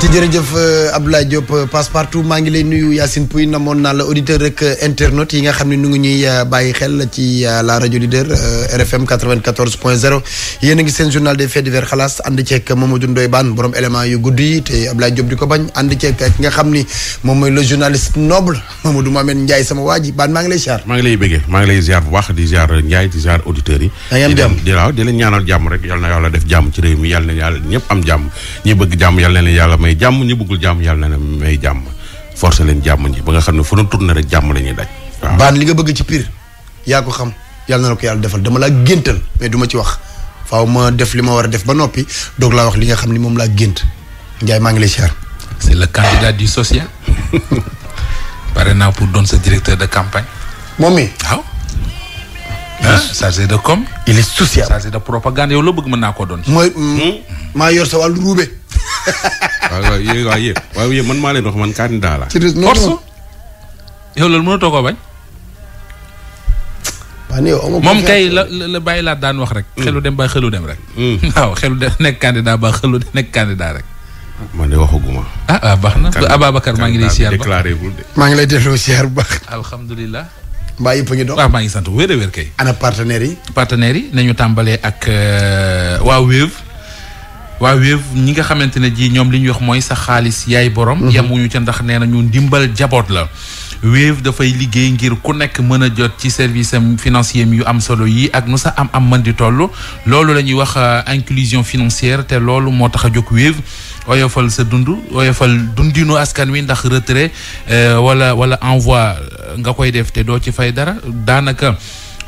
ci jërëjëf euh, Abdoulaye Diop euh, passe partout maa ngi lay nuyu Yacine Pouy namoon naa la auditeur rek euh, internautes yi nga xam ne nu ngi ñuy bàyyi xel ci la rajo leader RFM 94 point 0 yéen a ngi seen journal des faits divers xalaas ànd ceeg Mamadou Ndoye Bane borom élément yu gudd yi te Abdoulaye Diop di ko bañ ànd ceeg nga xam ni moom mooy le journaliste noble Mamadou Mohamed Ndiaye sama waa ji Bane maa ngi lay ziar. maa ngi lay bëggee maa ngi lay ziar bu di ziar Ndiaye jàmm rek yal na yàlla def jàmm jàmm ñi bëgg jàmm yal na may jàmm ñi bëggul jàmm yàlla na may jàmm forcé leen jàmm ñi ba nga xam ne fu nu tourné jàmm la daj. baan li nga bëgg ci pire yaa ko xam yàlla na la ko yàlla defal dama laa géntal mais du ma ci wax faaw ma def li ma war a def ba noppi doog laa wax li nga xam ni moom laa gént Ndiaye maa ngi lay siyaar. c'est le candidat du social. pare naa pour doon sa directeur de campagne. moom mi waaw. Ah ah, chargé de com. il est social chargé de propagande yow la bëgg waaw waaw yéen waaye waaye man maa leen wax man candidat la. force yow loolu mënatoo koo bañ. moom kay la la bàyyi laa daan wax rek. Mm. xelu dem baa xelu dem rek. Mm. waaw xelu dem nekk candidat ba xelu nekk candidat rek. man de waxaguma. ah ah baax na Ababacar maa ngi lay siyaar ba maa ngi lay delloo siyaar bu baax. alhamdulilah. mbaa yëpp a ngi dox waaw maa ngi sant wér a wér kay. ana partenaires yi. partenaires yi nañu tàmbalee ak euh, waa Wave. waaw Wave ñi nga xamante ne ji ñoom li ñuy wax mooy sa xaalis yaay borom. Mhm. yemuñu ca ndax nee na ñu ndimbal jaboot la. Wave dafay liggéey ngir ku nekk mën a jot ci service am financier yu am solo yi ak nu sa am am man di toll loolu lañuy ñuy wax euh, inclusion financière te loolu moo tax a jóg Wave oyofal sa dund oyofal dundinu askan wi ndax retrait euh, wala wala envoi nga koy def te doo ci fay dara daanaka.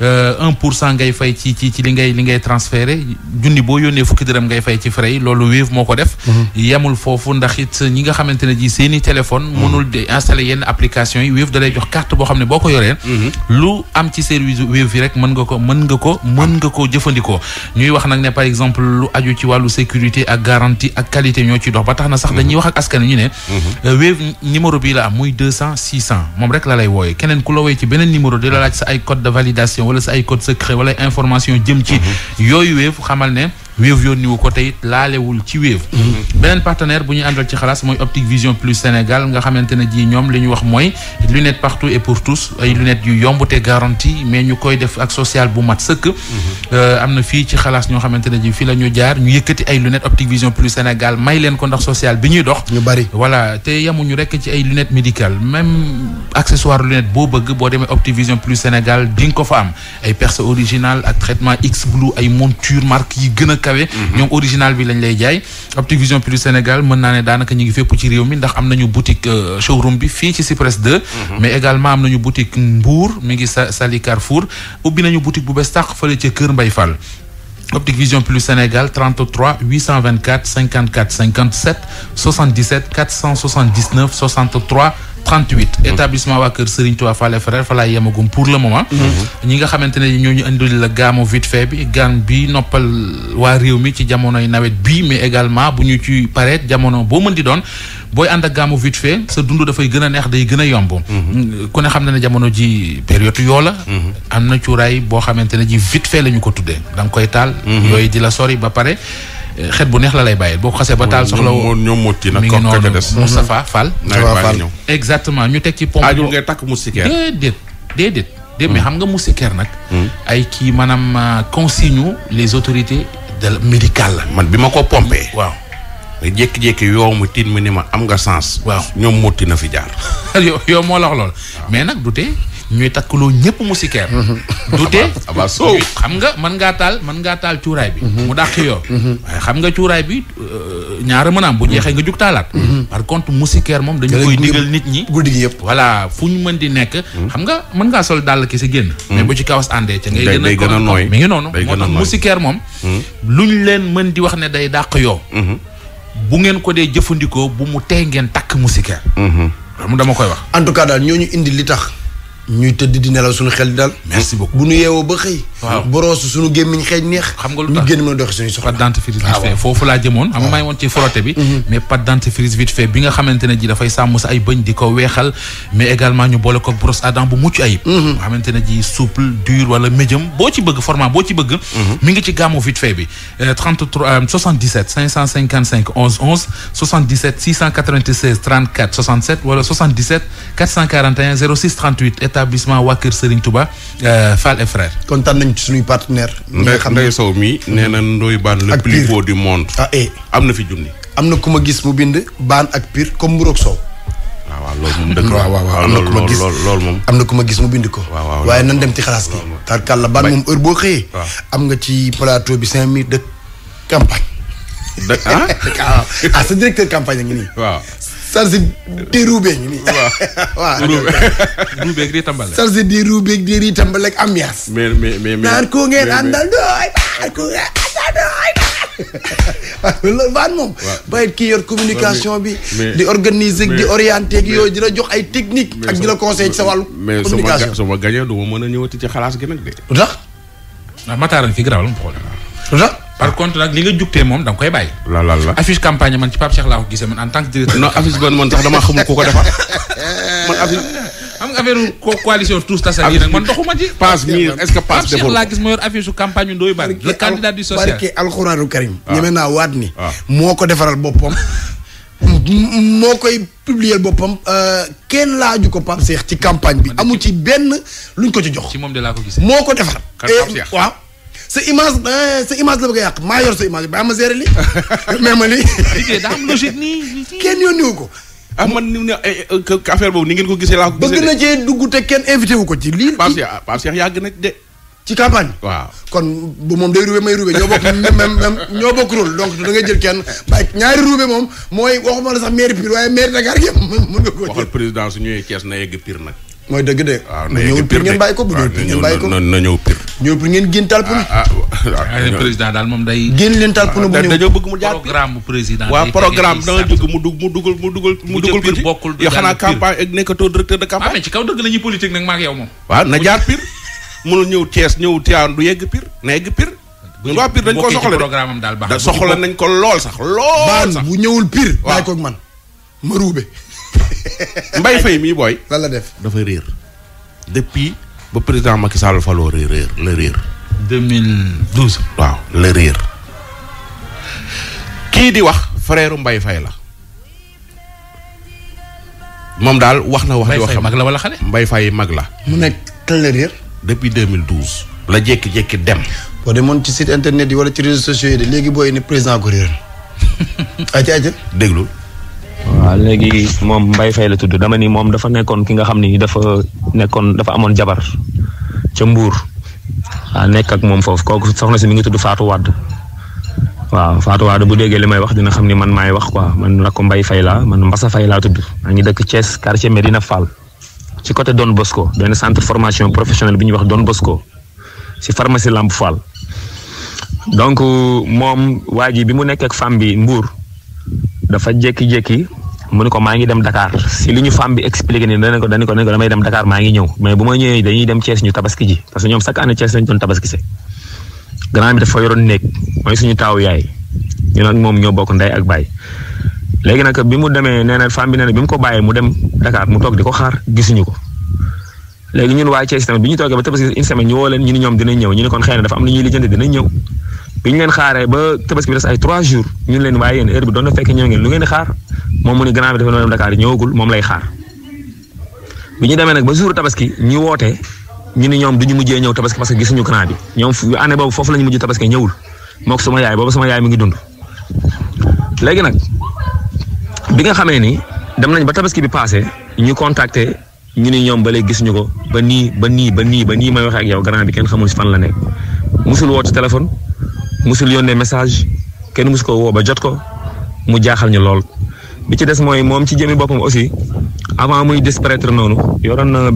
Euh, un pour cent ngay fay ci ci ci li ngay li ngay transféré junni boo yónnee fukki dërëm ngay fay ci frais loolu Wave moo ko def mhm. yemul foofu ndax ñi nga xamante ne ji seen i téléphone mhm. mënul di installé yenn application yi Wave da jox carte boo xam ne boo ko yoree mhm. lu am ci service Wave yi rek mën nga ko mën nga ko mën nga ko jëfandikoo ñuy wax nag ne par exemple lu aju ci wàllu sécurité ak garantie ak qualité ñoo ci dox ba tax na sax dañuy wax ak askan ñu ne euh, Wave wala sa ay code secret wala information jëm ci mhm. yooyu weef xamal ne Wave yónni wu ko teyit laalewul ci Wave mm-hmm. beneen partenaire bu ñu àndal ci xalaas mooy Optique Vision Plus Sénégal nga xamante ne ji ñoom li ñu wax mooy lunette partout et pour tous ay lunettes yu yomb te garantie mais ñu koy def ak social bu mat sëkk mm-hmm. euh, am na fii ci xalaas ñoo xamante ne ji fii la ñu jaar ñu yëkkati ay lunettes Optique Vision Plus Sénégal may leen ko ndax social bi ñuy dox ñu bari wala te yemuñu rekk ci ay lunettes médicales même accessoire lunette boo bëgg boo demee Optique Plus Sénégal di nga ko fa am ay perce original ak traitement X ay monture marque yi gën a kawe ñoom original bi lañ lay jaay Optic Vision Plus Sénégal mën naa ne daanaka ñu ngi fépp ci réew mi ndax am nañu boutique euh, showroom bi fii ci Cypress 2 mhm. mais également am nañu boutique Mbour mi ngi sa Sali Carrefour ubbi nañu boutique bu bees tàq fële ca Kër Mbay Fall Optique Vision Plus Sénégal 33 824 54 57 77 479 63 38 établissement waa kër Serigne Touba Fall frère fa laay yemagum pour le moment ñi nga xamante ne ñoo ñu indil la gaamu vite fait bi gaan bi noppal waa réew mi ci jamonoy nawet bii mais également bu ñu ci pareet jamono boo mën di doon booy ànd ak gaamu vite fait sa dund dafay gën a neex day gën a yomb ku ne xam na ne jamono ji période yoo la am na cuuraay boo xamante ne ji vite fait la ñu ko tuddee da koy taal mhm. yooyu di la sori ba pare xet bu neex la lay bàyyi boo ko xasee ba taal soxla woo ñoom mutti nag mi ngi noonu Moustapha mm-hmm. Fall exactement ñu teg ci pompe aajul ngay takk moustiquaire déedéet déedéet déedéet mais mm. xam nga moustiquaire nag mm. ay kii maanaam euh, consigne les autorités de médicale la man bi ma ko pompé mm. waaw nga jékki-jékki yow mu tin mi ni ma am nga sens waaw ñoom mutti na fi jaar yow moo la wax mais nag du ñuy takkaloo ñëpp mu sikeer mm-hmm. dute oh, xam nga mën ngaa taal mën nga taal cuuraay bi mm-hmm. mu dàq yoo mm-hmm. waaye xam nga cuuraay bi euh, ñaara mën a bu jeexee nga jug taalaat par contre mu sikeer moom dañu koy digal nit ñi guddi gi yëpp voilà fu ñu mën di nekk xam nga mën ngaa sol dàll ki sa génn mais bu ci kawas àndee ca ngay gën a a nooy mi ngi noonu moo tax mu sikeer moom luñ leen mën di wax ne day dàq yoo bu ngeen ko dee jëfandikoo bu mu tey ngeen takk mu sikeer loolu dama koy wax en tout ñuy tëdd di nelaw suñu xel dal. bu ñu yeewoo ba xëy. waaw suñu gémmiñ xeeñ neex. xam nga lu tax ñu génn mën a suñu soxla. pâte dentifrice vite ah, fait foofu laa jëmoon. Ah. ci frotté bi. Mhm. mais pâte dentifrice vite fait bi nga xamante ne ji dafay sàmm sa ay bëñ di ko weexal mais également ñu boole ko brosse à dents bu mucc ayib. Mhm. nga xamante ne ji souple dur wala médium boo ci bëgg format boo ci bëgg. Mhm. mi ngi ci gàmmu vite fait bi. 33 77 555 11 11 77 696 34 67 wala 77 441 06 38. établissement waa Kër Serigne Touba euh, Fall et kontaan nañ ci suñuy partenaire ñi nga xam ne Ndeye Sow mii nee na Ndoye Bane le plus beau du monde. ah eh. am na fi junni. am na ku ma gis mu bind Bane ak Pire comme Mburoog Sow. Ah, waaw loolu moom dëgg la waaw waaw am na loolu moom. am na ku ma gis mu bind ko. waaye nan dem ci xalaas gi. tarkalla ban moom heure boo xëyee. am nga ci plateau bi cinq minutes de campagne. de ah ah sa directeur campagne a ngi nii. charge di ruubeeg nii. waaw ruubeeg di tàmbale. charge di ruubeeg di tàmbale ak ambiance. mais mais mais naan ku ngeen àndal dooy baal ku ngeen àndal dooy moom. waaw kii yor communication bi. di organiser di orienter ak yooyu di jox ay technique ak di la conseil ci sa wàllu. communication mais sama gañee du ma mën a ñëwati ci xalaas de. lu tax. ah Matar fi garaawal problème. lu par contre nag li nga jugtee moom da nga koy bàyyi. la la la affiche campagne man ci Pape Cheikh laa ko gisee man en tant que directeur. non affiche bon man ko defar man affiche. ci. passe laa gis ma yor campagne yu Ndoye Bane. le candidat du ah. ah. moo koy publier boppam euh, kenn laaju ko Pape Cheikh ci campagne bi amu ci benn luñ ko ci jox. ci moom de laa ko gisee. moo ko defar. kan sa image eh, sa image la bëgg a yàq maa sa image ba ma gérer li mais ma lii. liggéey daa am kenn yónni wu ko. ah man ni ne eh, eh, affaire boobu ni ngeen ko gisee laa ko. bëgg na cee dugg kenn invité wu ko ci lii. Pape Cheikh ah, Pape Cheikh yàgg na de. ci campagne waaw kon bu moom day ruube may ruube ñoo bokk même donc da ngay jël kenn bàyyi ñaari ruube moom mooy waxuma la sax mairie Pire waaye mairie Dakar gi mën nga koo jël. président su ñëwee Thiès na yegg Pire nag. mooy dëgg de. waaw ah, na yegg bu ñëwul pire ngeen bàyyi ko bu ah, ñëwul pire ngeen bàyyi ko na ñëw pire. ngeen génn taal ah, daal moom day. génn leen taal puna bu ñëw dañoo bëgg mu jaar programme président. waaw programme da nga jóg mu dug mu dugal mu dugal. mu dugal ko ci bokkul du xanaa campagne ak nekkatoo directeur de campagne. ah mais ci kaw dëgg la ñuy politique nag ma ak yow moom. waaw na jaar pire. mënul ñëw Thiès ñëw Tivaouane du yegg waa pire dañ ñëwul pire bàyyi ko man ma ruube Mbaye Faye mii booy. lan la def dafa réer. depuis ba président Macky Sall faloo réer la réer. 2012. waaw la réer. kii di wax frère Mbaye Faye la. moom daal wax na wax. di wax mag la wala xale. Mbaye Faye mag la. mu nekk kan la réer. depuis 2012. la jékki-jékki dem. boo demoon ci site internet yi wala ci réseaux sociaux yi de léegi booy ne président ko réer. ayca ayca déglu. waaw léegi moom mbay Faye la tudd dama ni moom dafa nekkoon ki nga xam ni dafa nekkoon dafa amoon jabar ca mbuur waaw nekk ak moom foofu kooku soxna si mi ngi tudd Fatou Wade waaw Fatou Wade bu déggee li may wax dina xam ni man maay wax quoi man rakku mbay Faye laa man Mbassa Faye laa tudd maa ngi cees Thiès quartier Medina Fall ci côté Don Bosco benn centre formation professionnelle bi ñuy wax Don Bosco ci pharmacie Lamp Fall donc moom waa ji bi mu nekk ak femme bi Mbour. dafa jékki-jékki mu ne ko maa ngi dem Dakar si li ñu femme bi expliqué ni dana ko dana ko damay dem Dakar maa ngi ñëw mais bu ma ñëwee dañuy dem Thiès ñu tabaski ji parce que ñoom chaque année Thiès lañ doon tabaski se grand bi mooy suñu taaw yaay ñu nag moom ñoo bokk ndey ak baay léegi nag bi mu demee nee na femme bi nee bi mu ko bàyyee mu dem Dakar mu toog di ko xaar gisuñu ko léegi ñun waa Thiès tamit bi ñu toogee ba tabaski une semaine ñu woo leen ñu ni ñoom dinañ ñëw ñu ni kon xëy na dafa am lu ñuy ñëw bi ñu leen xaare ba tabaski bi des ay trois jours ñu leen waaye yéen heure bi doon na fekk ñëw ngeen lu ngeen di xaar moom mu ni grand bi dafa doon dem Dakar ñëwagul moom lay xaar bi ñu demee nag ba jour tabaski ñu woote ñu ni ñoom du ñu mujjee ñëw tabaski parce que gisuñu grand bi ñoom fu année boobu foofu la ñu mujj tabaski ñëwul mook sama yaay boobu sama yaay mi ngi dund. léegi nag bi nga xamee ni dem nañ ba tabaski bi passé ñu contacter ñu ni ñoom ba léegi gisuñu ko ba nii ba nii ba nii ba nii may waxee ak yow grand bi kenn xamul fan la nekk musul woo ci téléphone musul yónnee message kenn musu ko woo ba jot ko mu jaaxal ñu lool bi ci des mooy moom ci jëmi boppam aussi avant muy disparaître noonu yoroon na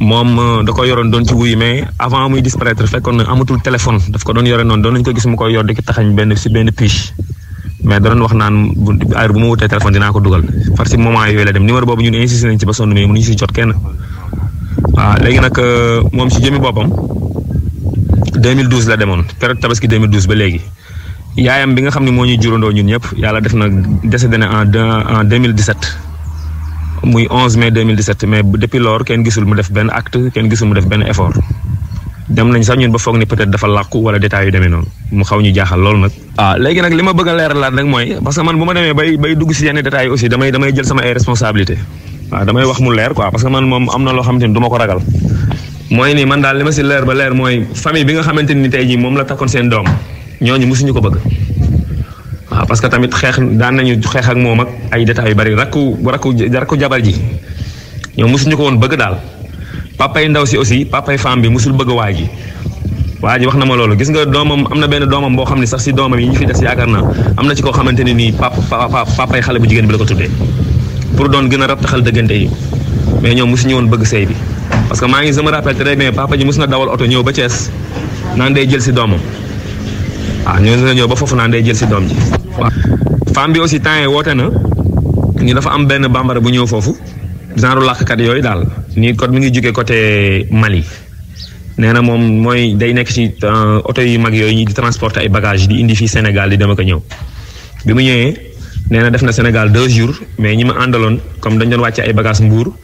moom euh, da ko yoroon doon ci wuyu mais avant muy disparaître fekkoon na amatul téléphone daf ko doon yore noonu doon nañu ko gis mu koy yor di ko taxañ benn si benn mais da doon wax naan bu bu ma wutee téléphone dinaa ko dugal far si moment yooyu la dem numéro boobu ñun insisté nañ ci ba sonn mais mënuñu si jot waaw ah, léegi nag euh, moom si jëmi boppam 2012 la demoon période tabaski 2012 ba léegi yaayam bi nga xam ne moo ñuy jurandoo ñun ñëpp yàlla def na décédé na en en 2017 muy 11 mai 2017 mais depuis lors kenn gisul mu def benn acte kenn gisul mu def benn effort dem nañ sax ñun ba foog ni peut dafa làqu wala détails yu demee noonu mu xaw ñu jaaxal loolu nag. ah léegi nag li ma bëgg a leeralaat nag mooy parce que man bu ma demee bay bay dugg ci yenn détails aussi damay damay jël sama ay waa damay wax mu leer ko parce que man moom am na loo xamante ni du ma ko ragal mooy nii man daal li ma si leer ba leer mooy famille bi nga xamante ni tey jii moom la takkoon seen doom ñooñu mosuñu ko bëgg. parce que tamit xeex daan nañu xeex ak moom ak ay détails yu bari rakku rakku rakku jabar ji ñoom mosuñu ko woon bëgg daal papay ndaw si aussi papay femme bi mosul bëgg waa ji. waa ji wax na ma loolu gis nga doomam am na benn doomam boo xam ne sax si doomam yi ñu fi des yaakaar naa am na ci koo xamante ne nii papa papa papay xale bu jigéen bi la ko tuddee. pour doon gën a rattaxal dëggante yi mais ñoom mosuñu woon bëgg sëy bi parce que maa ngi sama rappel très bien papa ji mos na dawal oto ñëw ba Thiès naan day jël si doomam waaw ah, ñoo na ñëw ba foofu naan day jël si doom ji waaw femme bi aussi temps woote na ñu dafa am benn bambara bu ñëw foofu genre kat yooyu daal nii kon mu ngi jugee côté Mali nee na moom mooy day nekk ci euh, oto yu mag yooyu ñu di transporter ay bagages di indi fii Sénégal di dem ak a ñëw bi mu ñëwee nee na def na Sénégal deux jours mais ñi ma àndaloon comme dañ doon wàcce ay bagages mbuur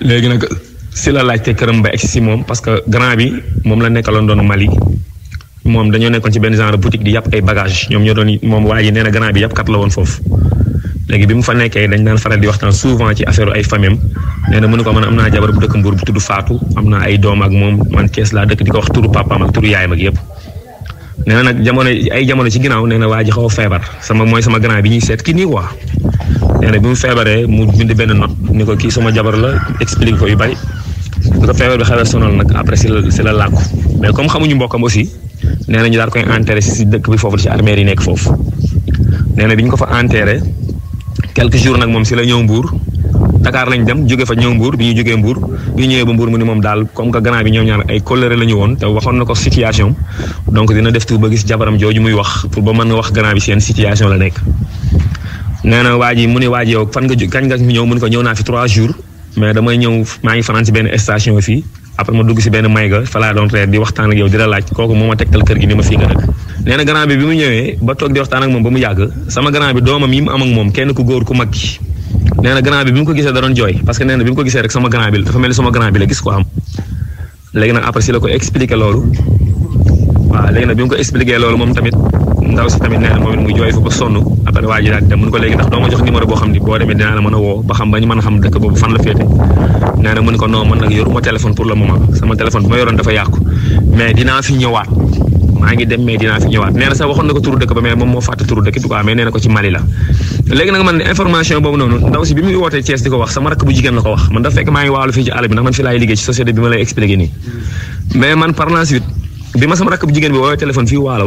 léegi nag si la laajte këram ba egg si moom parce que grand bi moom la nekkaloon doon Mali moom dañoo nekkoon ci benn genre boutique di yàpp ay bagages ñoom ñoo doon moom waa nee na grand bi yàppkat la woon foofu. léegi bi mu nekkee dañ na mënu ko mën am naa jabar bu dëkk Mbour bu tudd Fatou am na ay doom ak moom man Thiès laa dëkk di ko wax turu papaam ak turu yaayam ak yëpp nee nag jamono ay jamono ci ginnaaw nee na waa ji xaw a feebar sama mooy sama grand bi ñuy seet kii nii quoi nee na bi mu feebaree mu bind benn note ni ko kii sama jabar la explique ko yu bari bu ko feebar bi xawee sonal nag après si la si la làkku mais comme xamuñu mbokkam aussi nee na ñu daal koy enterré si dëkk bi foofu ci armée yi nekk foofu nee na bi ñu ko fa enterré quelque jours nag moom si la ñëw Mbuur Dakar lañ dem jóge fa ñëw Mbour bi ñu jógee Mbour bi ñu ñëwee ba Mbour mu ni moom daal comme que gannaaw bi ñoom ñaar ay colère la woon te waxoon na ko situation donc dina def tout ba gis jabaram jooju muy wax pour ba mën nga wax gannaaw bi seen situation la nekk. nee na waa ji mu ne waa ji yow fan nga ñëw ne ko ñëw naa fi trois jours mais damay ñëw maa ngi fanaan si benn station fii après ma dugg si benn may ga fa laa waxtaan yow di kooku moo ma tegtal kër gi ni ma fii nga dëkk. nee bi bi mu ñëwee ba toog di waxtaan ak moom ba mu yàgg sama grand bi doomam yi mu am ak moom kenn ku góor ku mag nee na grand bi bi mu ko gisee da doon jooy parce que nee na bi mu ko gisee rek sama grand bi dafa mel ni sama grand bi la gis ko am léegi nag après si la ko expliqué loolu waaw léegi nag bi mu ko expliqué loolu moom tamit ndaw si tamit nee na moom it mu jooy fa ba sonn après waa ji daal di dem ni a woo a xam dëkk boobu fan la féete nee na ko non man nag yoruma téléphone pour le moment sama téléphone bi ma yoroon dafa yàqu mais dinaa fi ñëwaat. maa ngi dem mais dinaa fi ñëwaat nee sax waxoon na ko turu dëkk ba mais moom moo fàtte turu dëkk bi mais nee ko ci Mali la léegi nag man information boobu noonu ndaw si bi muy wootee Thiès di ko wax sama rakk bu jigéen la ko wax ma lay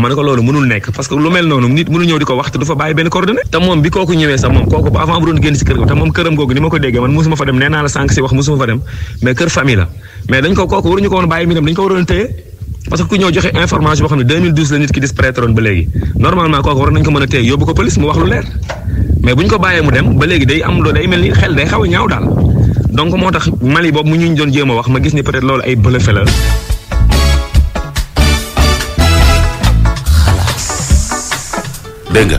man ko loolu mënul nekk parce que lu mel noonu nit ñëw di ko wax du fa bàyyi benn coordonnée te moom bi kooku ñëwee sax moom kooku avant bu doon génn si kër ga te moom këram googu ni ma ko déggee man musuma parce que ku ñëw joxe information boo xam ne 2012 la nit ki disparaître woon ba léegi normalement kooku war nañ ko mën a téye yóbbu ko police mu wax lu leer mais bu ñu ko bàyyee mu dem ba léegi day am loo day mel ni xel day xaw a ñaaw daal donc moo tax Mali boobu mu ñu doon jéem a wax ma gis ni peut-être loolu ay bëlëfe la. dégg nga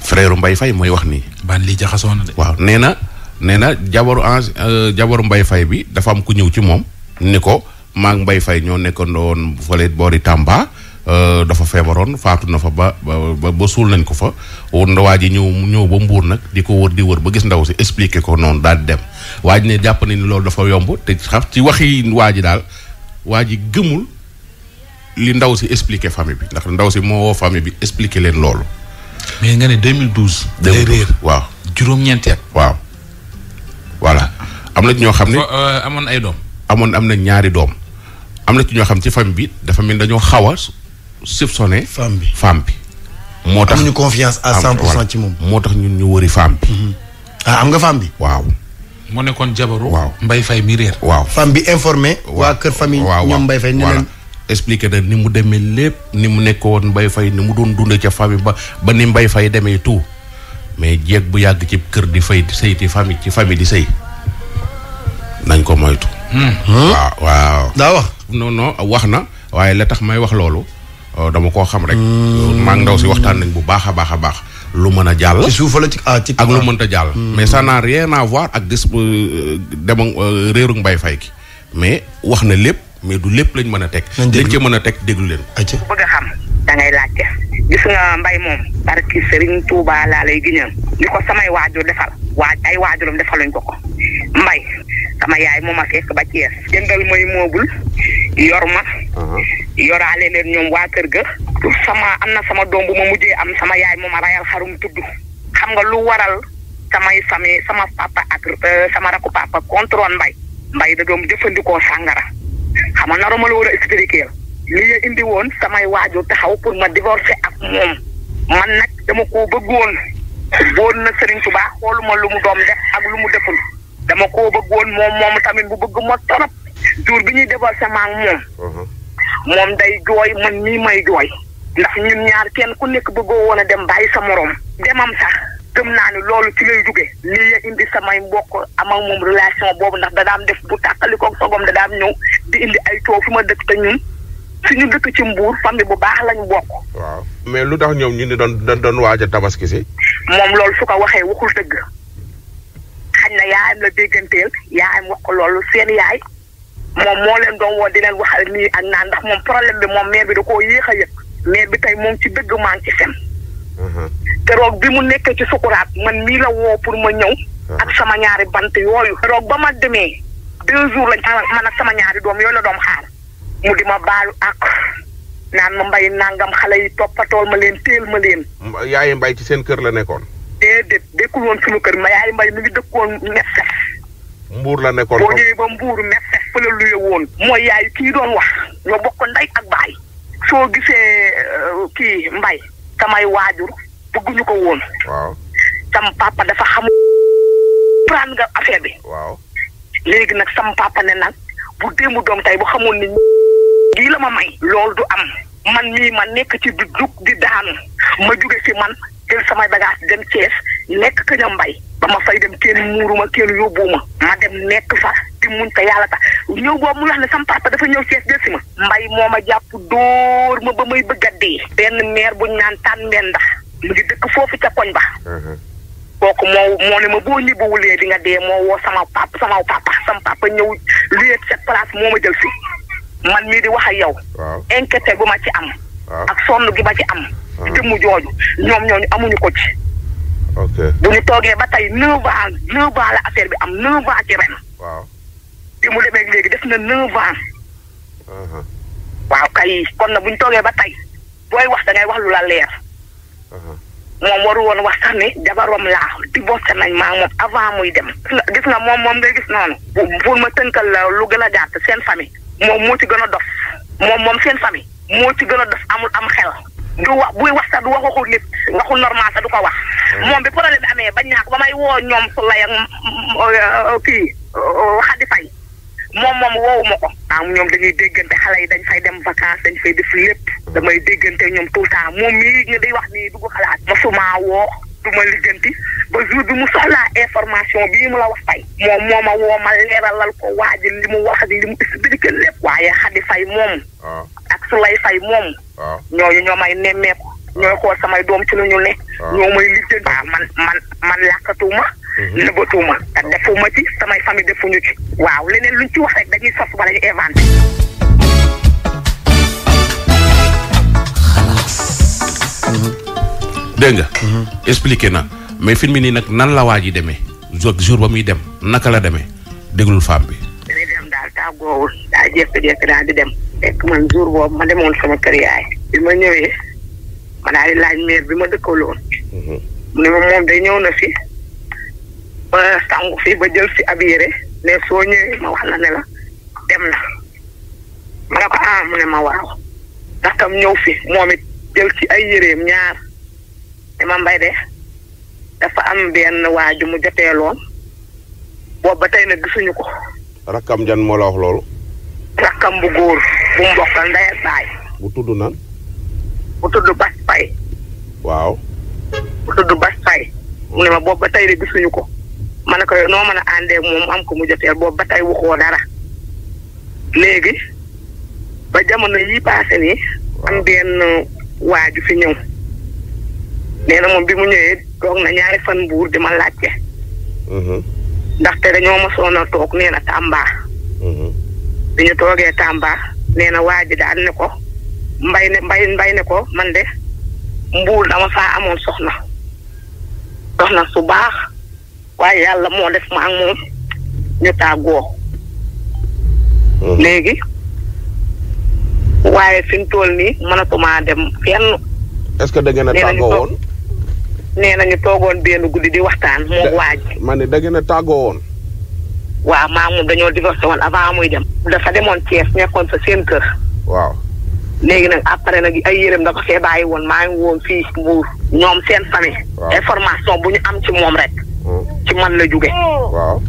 frère Mbaye Faye mooy wax nii. ban lii jaxasoo na de. waaw nee na nee na jabaru en euh, jabaru Mbaye fay bi dafa am ku ñëw ci moom ni ko. maak mbay fay ñoo nekkandoo woon fële boori Tamba euh, dafa feebaroon faatu na fa ba ba ba suul nañ ko fa woon na waa ji ñëw ñëw ba mbuur nag di ko wër di wër ba gis ndaw si expliqué ko noonu daal di dem waa ji ne na ni loolu dafa yomb te xam ci waxi waa ji daal waa ji gëmul li ndaw si expliqué famille bi ndax ndaw si moo woo bi expliqué leen loolu. nga ne 2012. day réer waaw juróom-ñeenti waaw voilà am na ñoo xam ne euh, amoon ay doom. amoon am na ñaari doom. am na ci ñoo xam ci femme bi dafa mel dañoo xaw a soupçonné femme bi femme bi. moo tax amuñu confiance à 100 pour ci moom. moo tax ñun ñu wëri femme bi. Mhm. ah am nga femme bi. waaw. moo nekkoon jabaru. waaw Mbaye Faye mi réer. waaw femme bi informé. waa kër famille ñoom mbay Faye. ni leen expliqué na ni mu demee lépp ni mu nekkoon mbay fay ni mu doon dundee ca famille ba ba ni mbay fay demee tout mais jeeg bu yàgg ci kër di fay di sëy ci famille di sëy nañ ko moytu. waaw hmm. waaw. daa wax. non non wax na waaye la tax may wax loolu euh, dama koo xam rek. Hmm. maa ndaw si waxtaan nañ bu baax a baax a baax. lu mën a jàll. ci la ci ah, ci ak lu mënta jàll. Hmm. mais ça n'a rien à voir ak dis euh, demo euh, réeru mbay fay ki mais wax na lépp mais du lépp lañ mën a teg. lañ ci mën a teg déglu leen. ayca a xam da ngay laajte. gis nga mbay moom. barki Serigne Touba laa lay giñal. ni samay waajur defal. waa ay waajuram defaluñ ko ko mbay sama yaay mu ma fekk ba Thiès jëndal mooy moogul yor ma uh-huh. yoraale leen ñoom waa kër ga sama am na sama domb ma mujjee am sama yaay mu ma rayal xarum tudd xam nga lu waral samay famille sama papa ak euh, sama rakku papa contrôle mbay mbay da doom jëfandikoo sàngara xam nga ma la war a expliquer li ya indi woon samay waajur taxaw pour ma divorcer ak moom man nag dama koo bëggoon boon na Serigne Touba xooluma lu mu doom def ak lu mu deful dama koo bëggoon moom moom tamit bu bëgg ma torop jour bi ñuy defal sama ak moom. Uh-huh. moom day jooy man nii may jooy. ndax ñun ñaar kenn ku nekk bëggoo woon a dem bàyyi sa moroom demam sax gëm naa ni loolu ci lay jóge lii ya indi samay mbokk am ak moom relation boobu ndax da daam def bu tàqalikoog sogom da daam ñëw di indi ay too fi ma dëkk te ñun. ñu dëkk ci mbuur famille bu baax lañu bokk. waaw mais lu tax ñëw ñu ni doon doon waaj a tabaski si. moom loolu su ko waxee waxul dëgg. xañ na yaayam la dégganteel yaayam wax ko loolu seen yaay. moom moo leen doon woo di leen wax nii ak naan ndax moom problème bi moom maire bi da koo yéex a yëg. maire bi tey moom ci dëgg maa ngi ci fen. keroog uh-huh. bi mu nekkee ci sukuraat man mii la woo pour ma ñëw. Uh-huh. ak sama ñaari bant yooyu. keroog ba ma demee deux jours lañ man ak sama ñaari doom yooyu doom xaar. mu di ma baalu ak naan ma mbay nangam xale yi toppatool ma leen teel ma leen. yaayi mbay ci seen kër la nekkoon. déedéet dëkkul woon suñu kër ma yaayi mbay mi ngi dëkkoon Metfes. Mbuur la nekkoon boo ñëwee ba Mbuur Metfes fa la woon. mooy yaay kii doon wax ñoo bokk ndey ak baay. soo gisee euh, kii mbay samay waajur bëgguñu ko woon. waaw sam papa dafa xam. prendre nga affaire bi. waaw léegi nag sam papa ne nag bu démb doom tey bu xamoon ni. lii la ma may loolu du am man mii ma nekk ci du dug di daanu ma jóge ci man jël sama bagage dem Thiès nekk këñ mbay ba fay dem kenn muuruma kenn yóbbuuma ma dem nekk fa di muñ te yàlla mu wax ne sam papa dafa ñëw Thiès jël si ma mbay moo ma jàpp dóor ma ba may bëgg a dee benn maire buñ naan tànn meen ndax mu ngi dëkk foofu ca koñ ba uh-huh. kooku moo moo ne ma boo ñibbawulee di nga dee moo woo sama papa sama papa sama papa ñëw luyet cette place moo ma jël si man mii di wax ak yow. waaw inquiété gu ma ci am. ak sonn gi ma ci am. ci mu jooju ñoom ñooñu amuñu ko ci. bu ñu toogee ba tey neuf ans la affaire bi am neuf ans ci ren. waaw demee léegi na neuf uh-huh. waaw kay kon na bu ñu toogee ba tey booy wax da ngay wax lu la leer. Uh-huh. moom waru woon wax sax ni jabarom laa divorcé nañ maa moom avant muy dem. gis nga moom moom ngay gis noonu. pour ma tënkal la lu gën a gàtt seen famille. moom moo ci gën a dof moom moom seen famille moo ci gën a dof amul am xel du wax buy wax sax du wax waxul nit waxul normal sax du ko wax. Hmm. moom bi problème bi amee bañ naa ba may woo ñoom su lay ak euh, kii xadi euh, fay moom moom woowu ma ko. am ah, ñoom dañuy déggante xale yi dañ fay dem vacances dañ fay def lépp. damay déggante ñoom tout le moom mii ñu day wax nii dugg xalaat. mosuma woo du ma ligganti ba jour bi mu soxlaa information bii mu la wax tey moom moo ma woo ma leeralal ko waaji li mu wax li mu expliqué lépp waaye xadi fay moom ah. ak su lay fay moom ah. ñooñu ñoo may nemmeeku ah. ñooy xool samay doom ci lu ñu ne ñoo may liggéey waaw man man man làkkatuma mhm. nëbbatuma te defuma ci samay famille defuñu ci waaw leneen luñ ci wax rek dañuy sos wala ñu inventé dégg nga mhm. expliqué mais film nii nag nan la waa ji demee jour jour ba muy dem naka la demee déglul femme bi. damay dem daal tàggoowul daa jékki-jékki daal di dem fekk man jour boobu ma demoon sama kër yaay. bi ma ñëwee ma daal di laaj mère bi ma dëkkaloon. Mhm. mu ne moom day ñëw na fi ba sangu fi ba jël fi ab yére mais soo ñëwee ma wax la ne la dem na ma ne ko ah ne ma waaw ndax tam ñëw fi moom it jël ci ay yéreem ñaar ne ma mbay de. dafa am benn waaju mu joteeloon boobu ba tey nag gisuñu ko. rakkam jan moo la wax loolu. rakkam bu góor bu mu bokkal baay. bu tudd nan. bu tudd Bas Faye. waaw. bu tudd Bas Faye. mu ne boobu ba tey de gisuñu ko. man ne ko noo mën a àndee moom am ko mu joteel boobu ba tey waxoo dara. léegi ba jamono yii paase nii. am benn waaju fi ñëw. nee na moom bi mu ñëwee toog na ñaari fan mbuur di ma laajte. Mhm. ndaxte dañoo mosoon a toog nee na Tamba. Mhm. toogee Tamba nee na waa ji daal ne ko mbay ne mbay mbay ne ko man de mbuur dama faa amoon soxna soxna su baax waaye yàlla moo def ma ak moom ñu tàggoo. Mhm. léegi waaye fi mu toll nii mënatumaa dem fenn. est-ce que da ngeen a tàggoo nee nañu toogoon benn guddi di waxtaan moom waaj. ma ne da ngeen a tàggoo woon. waaw maa moom dañoo divorcé woon avant muy dem. dafa demoon ceef nekkoon sa seen kër. waaw. léegi nag après nag ay yërëm da ko fee bàyyi woon maa ngi woon fii Mbour. ñoom seen famille. information bu ñu am ci moom rek. Hmm. ci man la jóge waaw.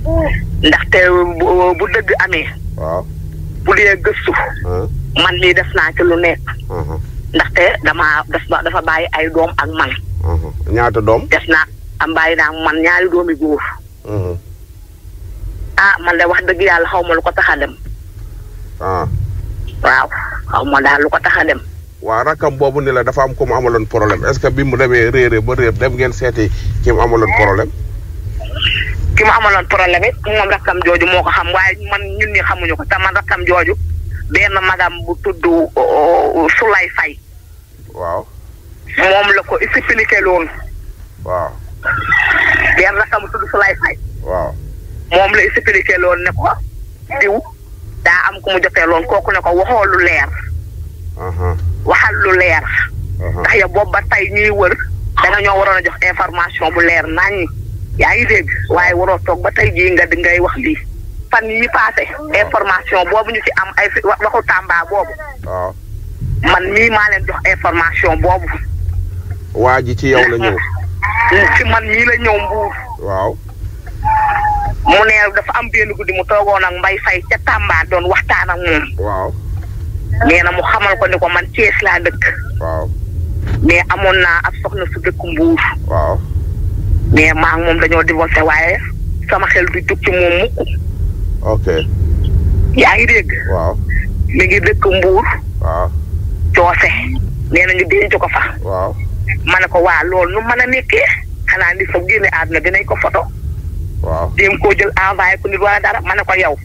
ndaxte bu dëgg amee. waaw. bu dee gëstu. Hmm. man lii def naa ci lu nekk. Hmm. ndaxte damaa dafa bàyyi ay doom ak man. Uh-huh. ñaata doom. def naa am bàyyi naa man ñaari doomi góor. Uh-huh. ah man de wax dëgg yàlla xaw ma lu ko tax a dem. ah. waaw xaw ma lu ko tax a dem. waaw rakkam boobu ni la dafa am ku mu amaloon problème est-ce que bi mu demee réeré ba réer dem ngeen seeti ki mu amaloon problème. ki mu amaloon problème it moom rakkam jooju moo ko xam waaye man ñun ñi xamuñu ko tam man rakkam jooju benn magam bu tudd uh, Soulay Faye. waaw. moom la ko expliqué loon waaw. benn rakam tudd Souleye Faye. waaw moom la expliqué loon ne ko diw daa am ku mu jotee loon kooku ne ko waxoo lu leer. waxal lu leer. ndax ya boobu ba tey ñuy wër danga ñoo waroon a jox information bu leer naññ. yaa ngi dégg waaye waroo toog ba tey jii nga di ngay wax lii. fan yi paase. information boobu ñu ci am ay waxu Tamba boobu. man mii maa leen jox information boobu. waa ji ci yow la ci man ñii la ñëw Mbuur. waaw. mu ne dafa am benn guddi mu toogoon ak Mbaye Faye ca Tamba doon waxtaan ak moom. waaw. nee na mu xamal ko ni ko man Thiès laa dëkk. waaw. mais amoon naa ab soxna su dëkk Mbuur. waaw. mais maa moom dañoo divorcé waaye sama xel du jug ci moom mukk. ok. yaa ngi dégg. waaw. mi dëkk Mbuur. waaw. coose. nee na ñu denc ko fa. waaw. ma ne ko waa loolu nu mën a nekkee xanaa ndi sa génne àdduna dinañ ko photo waaw dem koo jël envoyé ko nit wala dara ma ne ko yow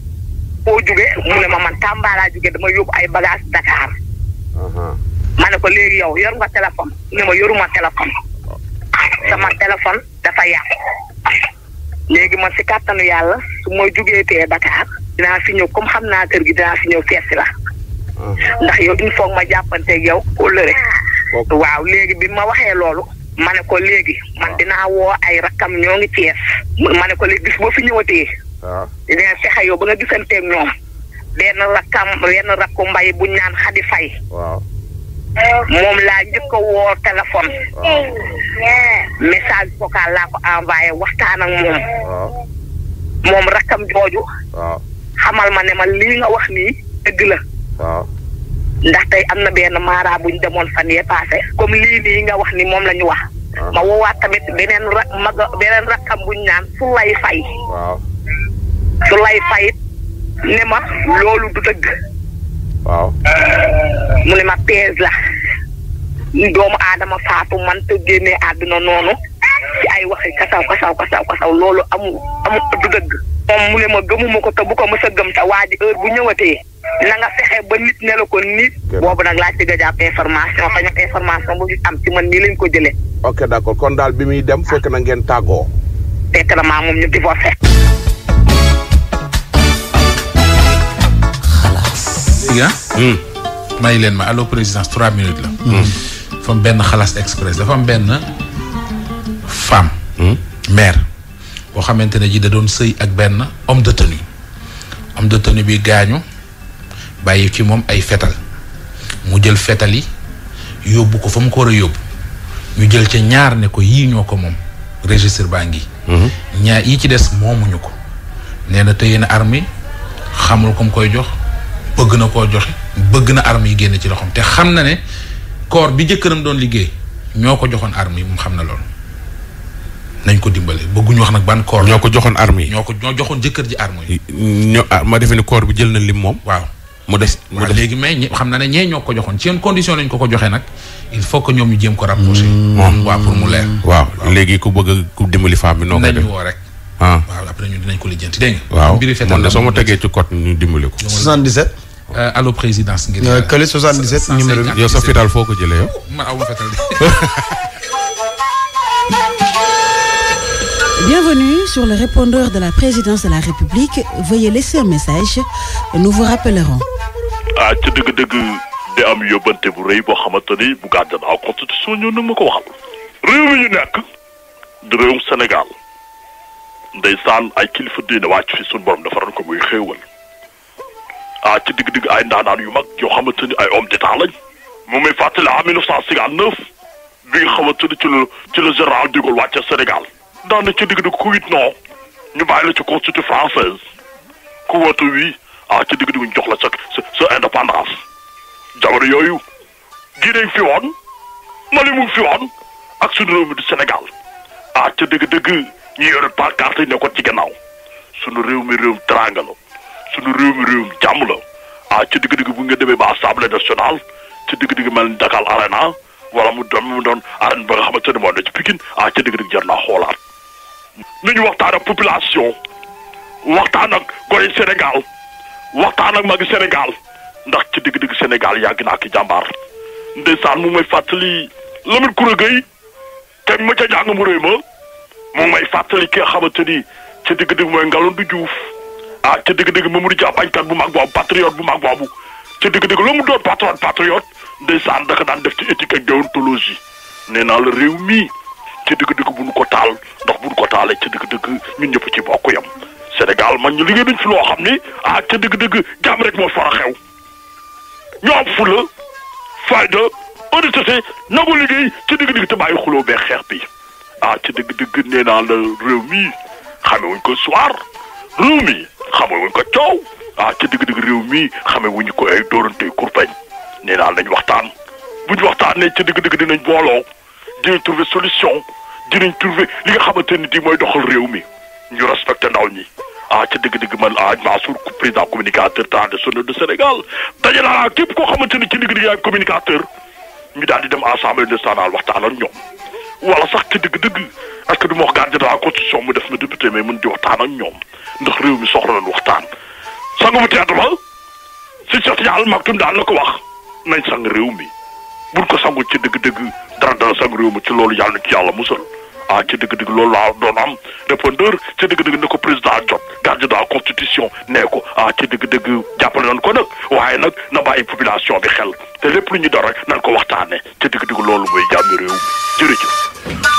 koo jugee mu ne ma man Tamba laa damay dama ay bagage Dakar. ma ne ko léegi yow yor nga téléphone ne ma yoruma téléphone. sama téléphone dafa yàqu. léegi man si kàttanu yàlla su ma jugee tee Dakar dinaa fi ñëw comme xam naa kër gi dinaa fi ñëw feesi la. ndax yow il ma jàppanteeg yow kóllëre waaw léegi bi ma waxee loolu. ma ne ko léegi man dinaa woo ay rakkam ñoo ngi Cees. ma ne ko léegi gis boo fi ñëwatee. waaw dina fexe yow ba nga gisanteeg ñoom. benn rakkam benn rakku mbay bu ñaan xadi fay. moom laa njëkk a woo téléphone. message vocal laa ko envoyé waxtaan ak moom. moom rakkam jooju. xamal ma ne ma lii nga wax nii dëgg la. ndax tey am na benn maara buñ demoon fan yee paase comme lii nii nga wax ni moom la ñu wax. Ah. ma woowaat tamit beneen ra mag beneen rakkam buñ naan su lay fay. waaw su lay fay ne ma loolu du dëgg. waaw mu ne ma pees la doomu aadama faatu man te génnee àdduna noonu ci ay waxi kasaw kasaw kasaw kasaw loolu amul amul du dëgg. moom mu ne ma gëmuma ko te bu ko mës a gëm te waa ji heure bu ñëwatee na nga fexe ba nit ne ko nit boobu nag laa ci a am information fa bu man nii lañ ko jëlee. ok d' accord kon daal muy dem fekk na ngeen tàggoo. fekk na maa moom ñu divorcé. xalaas. Hmm. may leen ma allo présidence trois minutes la. Hmm. dafa am benn xalaas express dafa am benn femme. Hmm. mère. boo xamante ne ji da doon sëy ak benn homme de tenue homme de tenue bi gaañu bàyyi ci moom ay fetal mu jël fetal yi yóbbu ko fa mu ko war a yóbbu ñu jël ca ñaar ne ko yii ñoo ko moom registre baa ngi. Mm-hmm. ñaar yi ci des moomuñu ko nee na tëye na arme xamul ko mu koy jox bëgg na koo joxe bëgg na arme yi génn ci loxoom te xam na ne koor bi jëkkëram doon liggéey ñoo ko joxoon arme yi moom xam na lool nañ ko dimbale bëgguñu wax nag ban corps ñoo ko joxoon arme yi ñoo ko ñoo joxoon jëkkër ji arme yi ñoo ah, ma defe ni corps bi jël na lim moom waaw mu des mu des léegi mais xam na ne ñee ñoo ko joxoon ci yenn condition lañ ko ko joxee nag il faut que ñoom ñu jéem ko rapproché moom waaw pour mu leer mm. waaw léegi ku bëgg ku dimbali femme bi noo koy def nañ woo rek ah waaw après ñun dinañ ko lijjanti dégg nga waaw mbiri fetal la soo ma tegee ci code ñu dimbali ko 77 euh, allo présidence ngir kële euh, euh, 77 numéro foo ko jëlee yow man Bienvenue sur le répondeur de la présidence de la République. Veuillez laisser un message. Nous vous rappellerons. ah ca dëgg-dëgg di am yóbbante bu rëy boo xamante ni bu gàddanaaw constitution ñëw na ma ko waxal. réew mi ñu nekk di réewum Sénégal ndeysaan ay kilifa diine wàcc fi suñu borom defaroon ko muy xéewal a ah, ci digg-digg ay ndaanaan yu mag yoo xamante ni ay hommes d'état lañ. mu may fàttali en 1959 bi nga xamante ni ci la ci la général de Gaulle daanaka ci digg ku it non ñu bàyyi la ci constitution française ku woote wii ah ci digg ñu jox la sa sa indépendance. jamono yooyu Guinée fi woon Mali ak sunu réew du di Sénégal ah ca dëgg-dëgg ñu yore par carte yi nekkoon ci gannaaw sunu réew mi réewum teraanga la sunu réew mi réewum jàmm la ah ca dëgg-dëgg bu nga demee ba assemblée nationale ca dëgg-dëgg mel ni Dakar Arena wala mu doon mu doon arène ba nga xamante ne moo ne ci Pikine ah ca dëgg-dëgg jar naa nañu waxtaan ak population waxtaan ak goy Sénégal waxtaan ak magi Sénégal ndax ci digg-digg Sénégal yàgg naa ki jàmbaar ndeysaan mu may fàttali Lamine Koura Gueye te ma ca jàng mu réy ma may fàttali ki nga xamante ni ca digg-digg mooy Ngalandou Diouf ah ca digg-digg Mamadou Dia bañkat bu mag boobu patriote bu mag boobu ca digg-digg la mu doon patron patriote ndeysaan daka daan def ci éthique ak déontologie nee naa la réew mii ci dëgg-dëgg bu nu ko taal ndax bu nu ko taalee ci dëgg-dëgg ñun ñëpp ci bokk yam Sénégal man ñu liggéey nañ fi loo xam ni ah ca dëgg-dëgg jàmm rek moo fara xew ñoo am fula fayda honnêteté nangu liggéey ci dëgg-dëgg te bàyyi xuloo bee xeex bi ah ci dëgg-dëgg nee naa la réew mi xamewuñ ko soir réew mi xamewuñ ko coow ah ci dëgg-dëgg réew mi xamewuñ ko ay dóorante kurpeñ nee naa lañ waxtaan buñ waxtaanee ci dëgg-dëgg dinañ booloo dinañ trouver solution dinañ trouver li nga xamante ni di mooy doxal réew mi ñu respecté ndaw ñi a ah ca dëgg-dëgg man ah Mansour président communicateur temps de Sénégal daje képp koo xamante ni ci liggéey yaay communicateur ñu daal di dem assemblée nationale waxtaan ak ñoom wala sax ca dëgg-dëgg est que du ma wax gardien de la constitution mu def ma député mais mën di waxtaan ak ñoom ndax réew mi soxla nañu waxtaan. sangu mu tedd ba si Cheikh Yàlla Maktoum daal la ko wax nañ sang réew mi buñ ko ci dëgg-dëgg dara dara sang réew mi ci loolu yàlla na ci yàlla musal. ah ci dëgg-dëgg loolu a doon am répondeur ci dëgg-dëgg ne ko président jot gardien de la constitution nee ko ah ci dëgg-dëgg jàppale nañ ko nag waaye nag na bàyyi population bi xel te lépp lu ñu dara nañ ko waxtaanee ci dëgg-dëgg loolu mooy jàmmi réew